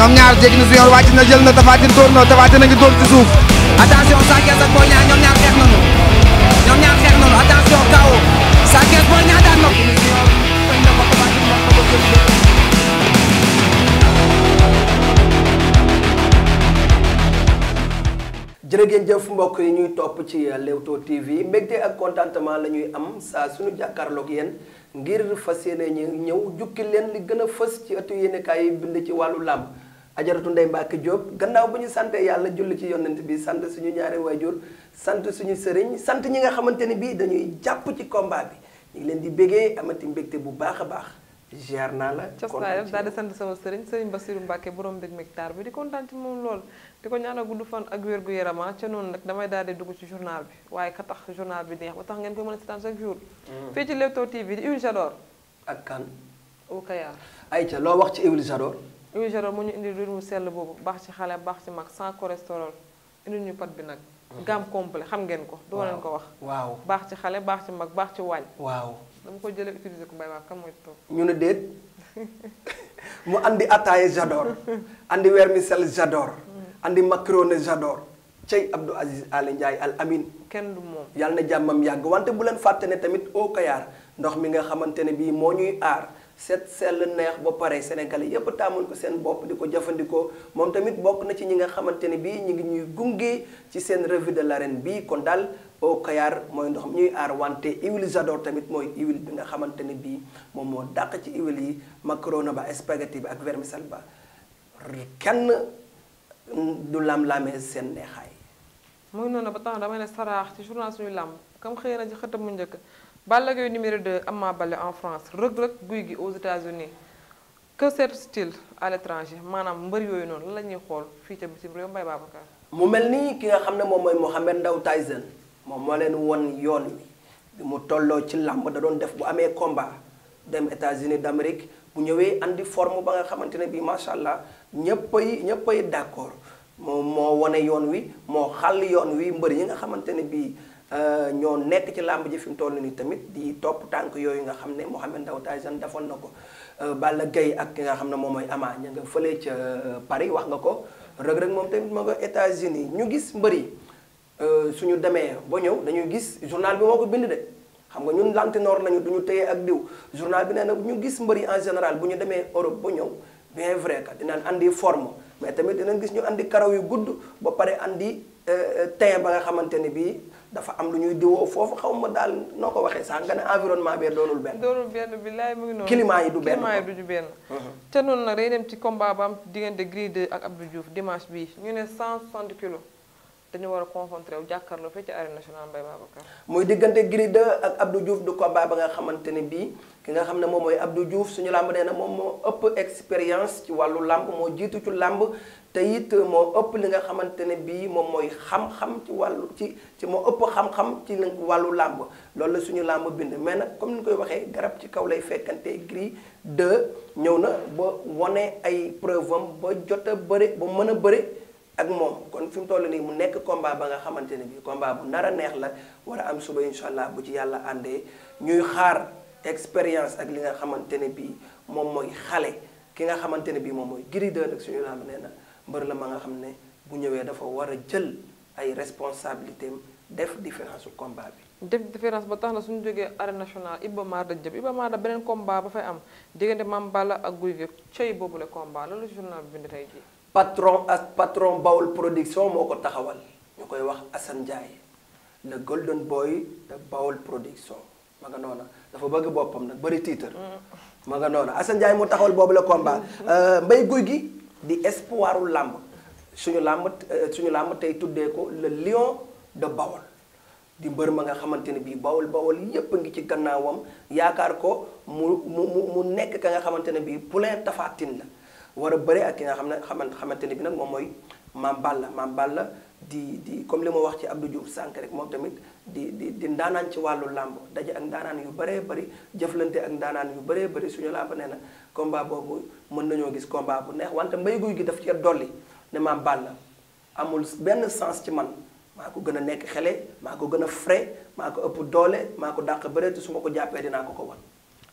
ñoom ñaar jéggi na na jël na Tapha Tine na KO Sa Thiès jëf mbokk yi ñuy topp ci Leewtoo TV mbégte ak contentement la ñuy am saa suñu jàkkaarloog yéen ngir fas yéene ñëw jukki leen li gën a fës ci ëttu yéenekaay yi bind ci wàllu làmb ajaratu Ndeye Mbacke Diop gannaaw ba ñu sant yàlla julli ci yonent bi sant suñu ñaari waajur sant suñu sëriñ sant ñi nga xamante ni bii dañuy jàpp ci combat bi ñu ngi leen di bégee amati mbégte bu baax a baax ziar naa la. kon daal di sant sama sëriñ sëriñ Bassirou Mbacke borom dëgg mectar bi di kontaan moom lool. di ko ñaanal gudd fan ak wér gu yarama ah, ca noonu nag damay daal di dugg ci journal bi waaye ka tax journal bi neex ba tax ngeen koy mën a seetaan chaque jour. Mm. fii ci Leewtoo TV di Iwil Jador. ak kan. Kayaar. ayca loo wax ci Iwil huile gérôme mu ñu indi diwlin mu sell boobu baax ci xale baax ci mag sans cholestérol indi ñu pat bi nag. Mm-hmm. gamme complet xam ngeen ko. doo leen ko wax. waaw baax ci xale baax ci mag baax ci waañ. waaw dama ko jëlee utiliser ko bàyyi waa kan mooy toog. ñu ne déet mu andi ataaye j'adore andi vermicelle j'adore mm-hmm. andi macaroni j'adore cey Abdou Aziz Aly Al Amin. kenn du moom yàlla na jàmmam yàgg wante bu leen fàtte tamit au Kayar ndox mi nga xamante ne bii moo ñuy aar. set sell neex ba pare sénégalais yépp taamal ko seen bopp di ko jëfandikoo moom tamit bokk na ci ñi nga xamante ni bii ñu ngi ñuy gunge ci seen revue de l'arène bii kon daal au mooy ndox ñuy aar wante huile j'adore tamit mooy huile bi nga xamante ne bii moom moo dàq ci huile yi macrona ba spaghetti bi ak vermicelle ba kenn du lam-lamee seen neexaay. muy noonu ba tax damay ne saraax ci journal suñu lam kam xëy na ci xëtam mu njëkk. Balla Gaye numéro 2 Ama Baldé en France Reug Reug Gouye Gui aux États-Unis que cherche t à l'étranger maanaam mbër yooyu noonu la ñuy xool fii ca bitim réew Mbaye Babacar. mu mel nii ki nga xam ne moom mooy Mohamed Ndao Tyson moom moo leen won yoon wi bi mu tolloo ci làmb da doon def bu amee combat dem États-Unis d'Amérique bu ñëwee andi forme ba nga xamante ne bii macha allah ñëppay ñëppay d'accord moom moo wane yoon wi moo xàll yoon wi mbër yi nga xamante ne bii. Euh, ñoo nekk ci làmb ji fi mu toll nii tamit di topp tànk yooyu nga xam ne moo xam ndaw Ndao Tyson defoon na ko euh, Balla Gaye ak ki nga xam ne moom mooy Ama ña nga fële ca euh, Paris wax nga ko Reug Reug moom tamit ma nga États-Unis ñu gis mbëri suñu demee ba ñëw dañuy gis journal bi moo ko bind de xam nga ñun lantinoor lañu du ñu téye ak diw journal bi nee nag ñu gis mbëri en général bu ñu demee Europe ba ñëw bien vrai que dinañ andi forme mais tamit dinañ gis ñu andi karaw yu gudd ba pare andi teint ba nga xamante ne bii dafa am lu ñuy diwoo foofu xaw ma daal noo ko waxee sax nga ne environnement bee doonul benn. doonul benn billaay mu ngi noonu. climat yi du benn climat yi du ñu benn. ca mhm. noonu nag day dem ci combat ba am diggante Gris 2 ak Abdou Diouf dimanche bii ñu ne 160 war a concentré wu jàkkaarloo fii ci arène nationale Mbaye Babacar. diggante Gris 2 ak Abdou Diouf du combat ba nga xamante ni bii ki nga xam ne moom mooy Abdou Diouf suñu làmb nee na moom moo ëpp expérience ci wàllu làmb moo jiitu ci làmb te it moo ëpp li nga xamante ne bii moom mooy xam-xam ci wàllu ci ci moo ëpp xam-xam ci wàllu làmb loolu la suñu làmb bind mais nag comme ni koy waxee garab ci kaw lay fekkante Gris 2 ñëw na ba wane ay preuve am ba jot a bëre ba mën a bëre ak moom kon fi mu toll nii mu nekk combat ba nga xamante ne bii combat bu nar a neex la war a am suba incha allah bu ci yàlla àndee ñuy xaar expérience ak li nga xamante ne bii moom mooy xale ki nga xamante ne bii moom mooy Gris 2 suñu làmb nee na mbër la ma nga xam ne bu ñëwee dafa war a jël ay responsabilité def différence su combat bi. def différence ba tax na suñu jógee arène nationale Iba Mar da jëm Iba Mar da beneen combat ba fay am diggante Mame Balla ak Gouye Gui cey boobu la combat loolu journal bi bind tey jii. patron ak production moo ko taxawal ñu koy wax Assane Ndiaye le golden boy de Baol production ma nga noona dafa bëgg boppam nag bëri titre mm. ma nga noona Assane Ndiaye moo taxawal boobu di espoiru làmb suñu làmb euh, suñu làmb tey tuddee ko la lion de Bawol di mbër ma nga xamante ne bii Bawol Bawol yépp a ngi ci gannaawam yaakaar ko mu mu mu nekk ka nga xamante ne bii poulain Tapha Tine la war a bëre ak ki nga xam ne xamante ne bi nag moom mooy Mame Balla Mame Balla di di comme li ma wax ci Abdou Diouf sànq rek moom tamit di di di ndaanaan ci wàllu làmb daje ak ndaanaan yu bëree bari jëflante ak ndaanaan yu bëree bari suñu làmb nee na combat boobu mën nañoo gis combat bu neex wante mbay guy gi daf ci dolli ne maam Balla amul benn sens ci man maa ko gën a nekk xele maa ko gën a frais maa ko ëpp doole maa ko dàq bëre te su ma ko jàppee dinaa ko ko wan.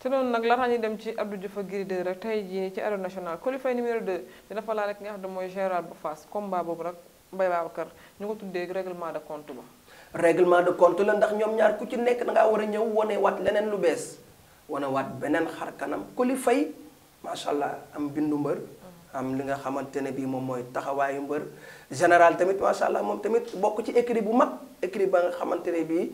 te noonu nag laataa ñuy dem ci Abdou Diouf ak Gris 2 rek tey jii ci arène nationale qualifié numéro 2 dina fa laal ak nga xam ne mooy Gérard bu Fass combat boobu rek. Mbaye kar ñu ko tuddee réglement de compte ba. règlement de compte la ndax ñoom ñaar ku ci nekk da ngaa war a ñëw wane waat leneen lu bees wane waat beneen xar kanam li fay macha allah am bindu mbër. am li nga xamante ne bii moom mooy taxawaayu mbër général tamit macha allah moom tamit bokk ci écrit bu mag écrit ba nga xamante ne bii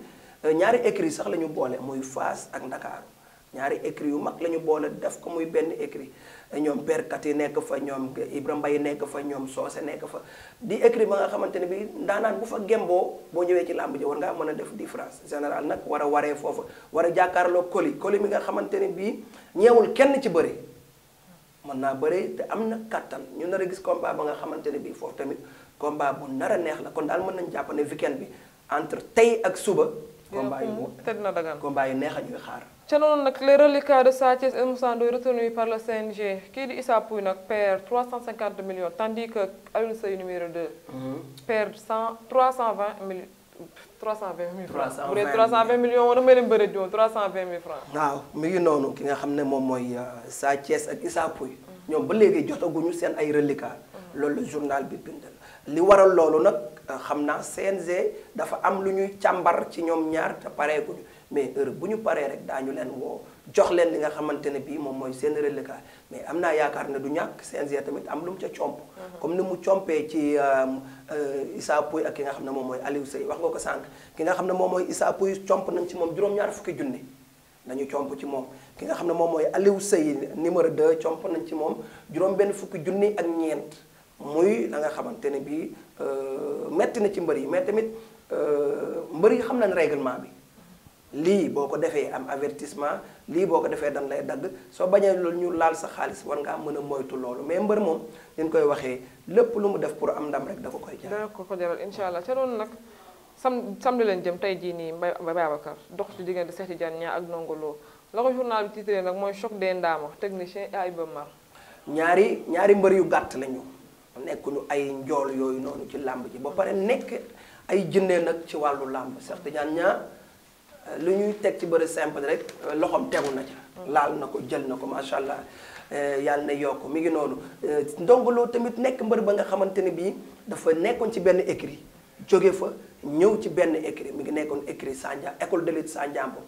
ñaari écrit sax la ñu boole muy Fass ak Ndakaaru ñaari écrit yu mag la ñu boole def ko muy benn écrit ñoom berkat yi nekk fa ñoom Ibrahima Mbaye nekk fa ñoom Soose nekk fa di écrit ba nga xamante ne bi ndaanaan bu fa gemboo boo ñëwee ci làmb ji war ngaa mën a def différence général nag war a waree foofu war a jàkkaarloo Koli Koli mi nga xamante ne bii ñeewul kenn ci bëri mën naa bëri te am na kattan ñu nar a gis combat ba nga xamante ne bii foofu tamit combat bu nara neex la kon daal mën nañ jàpp ne weekend bi entre tey ak suba combat yu combat yu neex a ñuy xaar ca noonu nag les reliquats de Sa Thiès et Moussa Ndoye par le CNG kii di Issa Pouye nag perd cinquante millions tandis que Alioune Seye numéro 2. Mhm. perd 100 320 millions. 320 mille francs bu dee 320 millions woon waaw mi ngi noonu ki nga xam ne moom mooy euh, Sa Thiès ak Issa Pouye mhm. ñoom ba léegi jotaguñu seen ay reliquats. Mhm. loolu la journal bi bindal li waral loolu nag xam naa CNG dafa am lu ñuy càmbar ci ñoom ñaar te pareeguñu. mais heure bu ñu paree rek daañu leen woo jox leen li nga xamante ne bii moom mooy seen reliquat mais am naa yaakaar ne du ñàkk CNG tamit am lu mu ca comp mhm. comme ni mu compee ci euh, euh, Issa Pouye ak ki nga xam ne moom mooy Aliou Seye wax nga ko sànq ki nga xam ne moom mooy Issa Pouye comp nañ ci moom juróom-ñaar fukki junni nañu comp ci moom ki nga xam ne moom mooy Aliou Seye numéro 2 comp nañ ci moom juróom benn fukki junni ak ñeent muy la nga xamante ne bii euh, metti na ci mbër yi mais tamit mbër yi xam na réglement bi lii boo ko defee am avertissement lii boo ko defee dan lay dagg soo bañee loolu ñu laal sa xaalis war ngaa mën a moytu loolu mais mbër moom liñ koy waxee lépp lu mu def pour am ndam rek da ko koy jaral. da ko ko incha allah ca loolu nag sam samedi leen jëm tey jii nii Mbaye Babacar dox ci diggante Cheikh jaan Niang ak Ndongo Lo la ko journal bi titré nag mooy choc des ndaama technicien ay ba ñaari ñaari mbër yu gàtt lañu nekkuñu ay njool yooyu noonu ci làmb ji ba pare nekk ay jëndee nag ci wàllu làmb Cheikh Tidiane Niang lu ñuy teg ci bëri simple rek loxoom tegu na ca. laal na ko jël na ko macha allah eh, yàlla na yokk mi ngi noonu. Eh, Ndongo loo tamit nekk mbër ba nga xamante ne bii dafa nekkoon ci benn écrit jóge fa ñëw ci benn écrit mi ngi nekkoon écrit Sandia école de lutte Sandiambo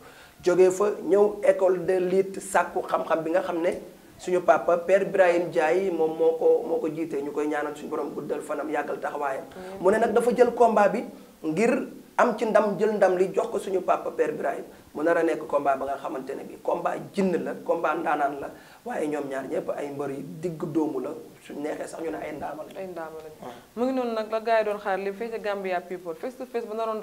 jóge fa ñëw école de lutte sàkku xam-xam bi nga xam ne. suñu papa père Ibrahim Diaye moom moo ko moo ko jiitee ñu koy ñaanal suñu borom guddal fanam yàggal taxawaayam. Mm. mu ne nag dafa jël combat bi ngir. am ci ndam jël ndam li jox ko suñu papa Père Birahim mu nar nekk combat ba nga xamante ne bi combat jinn la combat ndaanaan la waaye ñoom ñaar ñëpp ay mbër yi digg doomu la suñ neexee sax ñu ne ay ndaama lañ ay ndaama lañ mu ngi noonu nag la gars yi doon xaar li fii ci Gambia people face to face ba naroon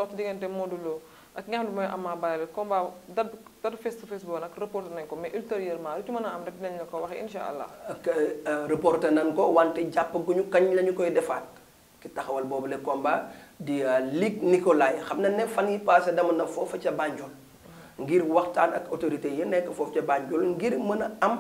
mooy Ama Baldé combat date date face to face boobu nag reporté nañ ko mais ultérieurement lu ci mën a am rek dinañ la ko waxee insha allah ak euh, reporté nañ ko wante jàpp guñu kañ lañu koy defaat ki taxawal boobu la komba di euh, Ligue Nicolas xam na ne fan yi passé dama na foofu ca banjool ngir waxtaan ak autorités yi nekk foofu ca Banjul ngir mën a am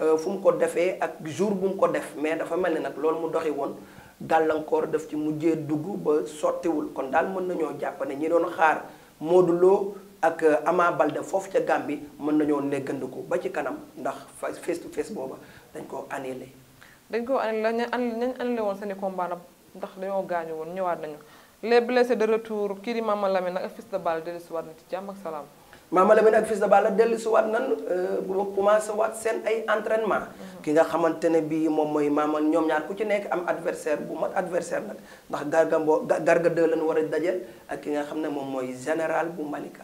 euh, fu mu ko defee ak jour bum ko def mais dafa mel ni nag loolu mu doxi woon gàllankoor daf ci mujjee dugg ba sottiwul kon daal mën nañoo jàpp ne ñi doon xaar Modou Lo ak euh, Ama Balde foofu ca Gambie mën nañoo neggandiku ba ci kanam ndax face to face booba dañ ko annulé. dañ ko annulé ñu annulé woon seen i combat ndax dañoo gaañu woon ñëwaat nañu. les blessés de retour kii di Mama Lamine ak a de Balla dellusiwaat na ci jàmm ak salaam. Mama Lamine ak Fils de Balla dellusiwaat nan euh, bu ma commencé waat seen ay entraînement mhm. ki nga xamante ne bii moom mooy Mama ñoom ñaar ku ci nekk am adversaire bu mat adversaire nag ndax garga mbo garga deux lañu war a dajal ak ki nga xam ne moom mooy général bu Malika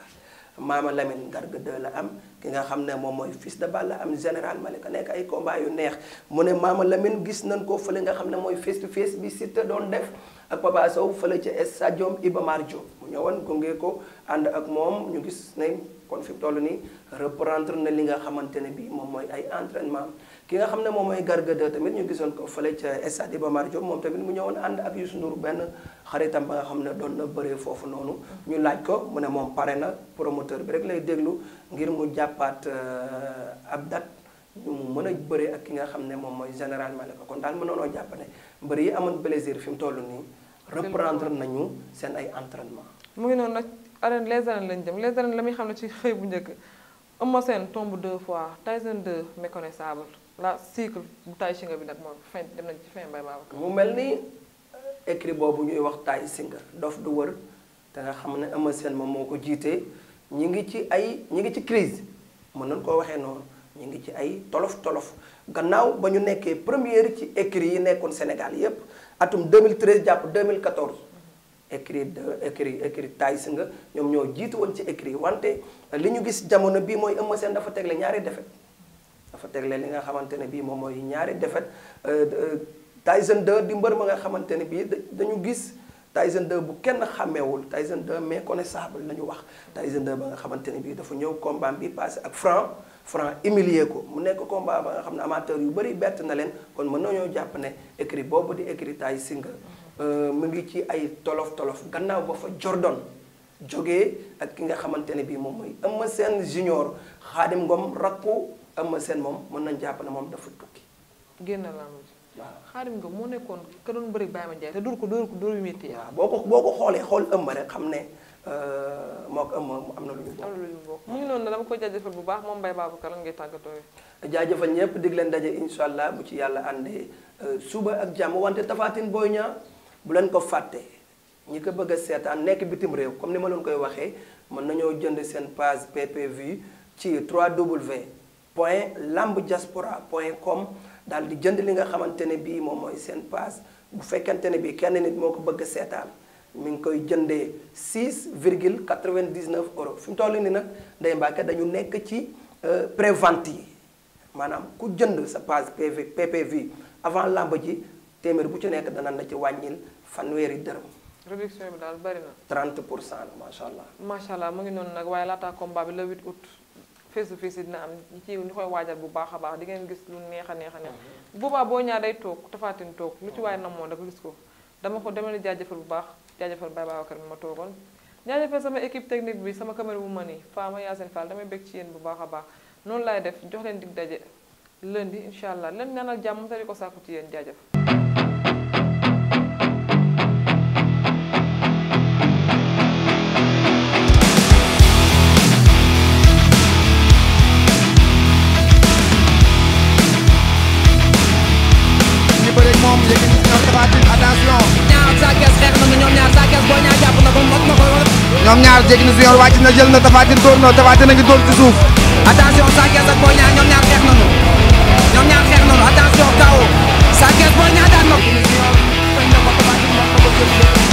Mama Lamine garga deux la am. ki nga xam ne moom mooy fils de Balla am général Malika nekk ay combat yu neex mu ne Maama Lamine gis nañ ko fële nga xam ne mooy face to face bi Siteu doon def ak Papa Sow ci ca stade Iba Mar Diop mu ñëwoon gunge ko ànd ak moom ñu gis ne kon fi mu toll nii reprendre na li nga xamante ne bii moom mooy ay entrainement ki nga xam ne moom mooy Garga 2 tamit ñu gisoon ko fële sa stade Iba moom tamit mu ñëwoon ànd ak Youssou Ndour benn xaritam ba nga xam ne doon na bëree foofu noonu ñu laaj ko mu ne moom pare na promoteur bi rek lay déglu ngir mu jàppaat euh, ab date ñu mën a bëree ak ki nga xam ne moom mooy général Malika kon daal mënoonoo jàpp ne mbër yi amoon plaisir fi mu toll nii reprendre nañu seen ay entraînement mu ngi noonu nag arène les arènes lañ jëm le la muy xam ne ci xëy bu njëkk Eumeu Sène tombe deux fois Tyson 2 méconnaissable la cycle bu bi nag moom fin dem nañ ci fin Mbaye mu mel ni écrit boobu ñuy wax Tay Shinger dof du wër te nga xam ne Eumeu Sène moom moo ko jiitee ñu ngi ci ay ñu ngi ci crise mën nañ koo waxee noonu ñu ngi ci ay tolof tolof gannaaw ba ñu nekkee première ci écrit yi nekkoon Sénégal yépp atum 2013 jàpp 2014 écrit de écrit écrit Tay Shinger ñoom ñoo jiitu woon ci écrit wante li ñu gis jamono bii mooy Eumeu Sène dafa tegle ñaari défaite dafa teg leen li nga xamante ne bii moom mooy ñaari défaite euh, euh, Tyson 2 di mbër ma nga xamante ne bii dañu gis Tyson 2 bu kenn xàmmewul Tyson 2 mais connaissable la ñu wax Tyson 2 ba nga xamante ne bii dafa ñëw combat bi passé ak Franc Franc humilier ko mu nekk combat ba nga xam ne amateur yu bëri bett na leen kon mën nañoo jàpp ne écrit boobu di écrit Tay Shinger euh, mu ngi ci ay tolof tolof gannaaw ba fa Jordan jóge ak ki nga xamante ne bii moom mooy Eumeu Sène junior Khadim Ngom rakku Eumeu seen moom mën nañ jàpp na moom dafa tukki. génn làmb ji. waaw Khadim Ngom moo nekkoon ka doon bëri Baye Mandiaye te du ko dóor ko dóor yu métti. waaw boo ko boo ko xoolee xool Eumeu rek xam ne euh, moo ko Eumeu am na lu ñu bokk. am na lu ñu bokk mu ngi noonu dama koy jaajëfal bu baax moom Mbaye Babacar lan ngay tàggatoo. jaajëfal ñëpp dig leen daje incha allah bu ci yàlla àndee euh, suba ak jàmm wante tafaatin booy ñaa bu leen ko fàtte. ñi ko bëgg a seetaan nekk bitim réew comme ni ma leen koy waxee mën nañoo jënd seen page PPV ci 3W point lambdiaspora point com daal di jënd li nga xamante ne bii moom mooy seen pass bu fekkente ne bii kenn nit moo ko bëgg a seetaan mu ngi koy jëndee 6 virgule 99 euros fi mu toll nii nag Ndeye Mbacke dañu nekk ci euh, prévente yi maanaam ku jënd sa pass PV vi avant lamb ji téeméer bu ci nekk danañ la ci wàññil fanweeri dërëm. réduction bi daal bari na. 30 pour cent la macha allah. macha allah mu ngi noonu nag waaye laataa combat bi le 8 août. face to face dina am ñi ci ñu koy waajal bu baax a baax di ngeen gis lu neex a neex a neex bu boo ñaar day toog tafaatin toog lu ci waaye na moo dafa gis ko dama ko dama leen jaajëfal bu baax jaajëfal Baye Babacar bi ma toogoon jaajëfal sama équipe technique bi sama caméra bu ma nii Fama Yacine Fall damay bég ci yéen bu baax a baax noonu laay def jox leen dig daje lundi incha allah leen ñaanal jàmm te di ko sàkku ci yéen jaajëf bëreeg moom Yékini ñoom Tapha Tine attention. ñaar Sa Thiès xeex na ñoom ñaar Sa Thiès Boy Niang jàpp na ko mot na ko yor. ñoom ñaar Yékini Junior wàcc na jël na Tapha Tine dóor na Tapha Tine a ngi dóor ci suuf. attention Sa Thiès ak Boy Niang ñoom ñaar xeex nañu ñoom ñaar xeex nañu attention kaw Sa Thiès Boy Niang daan na ko.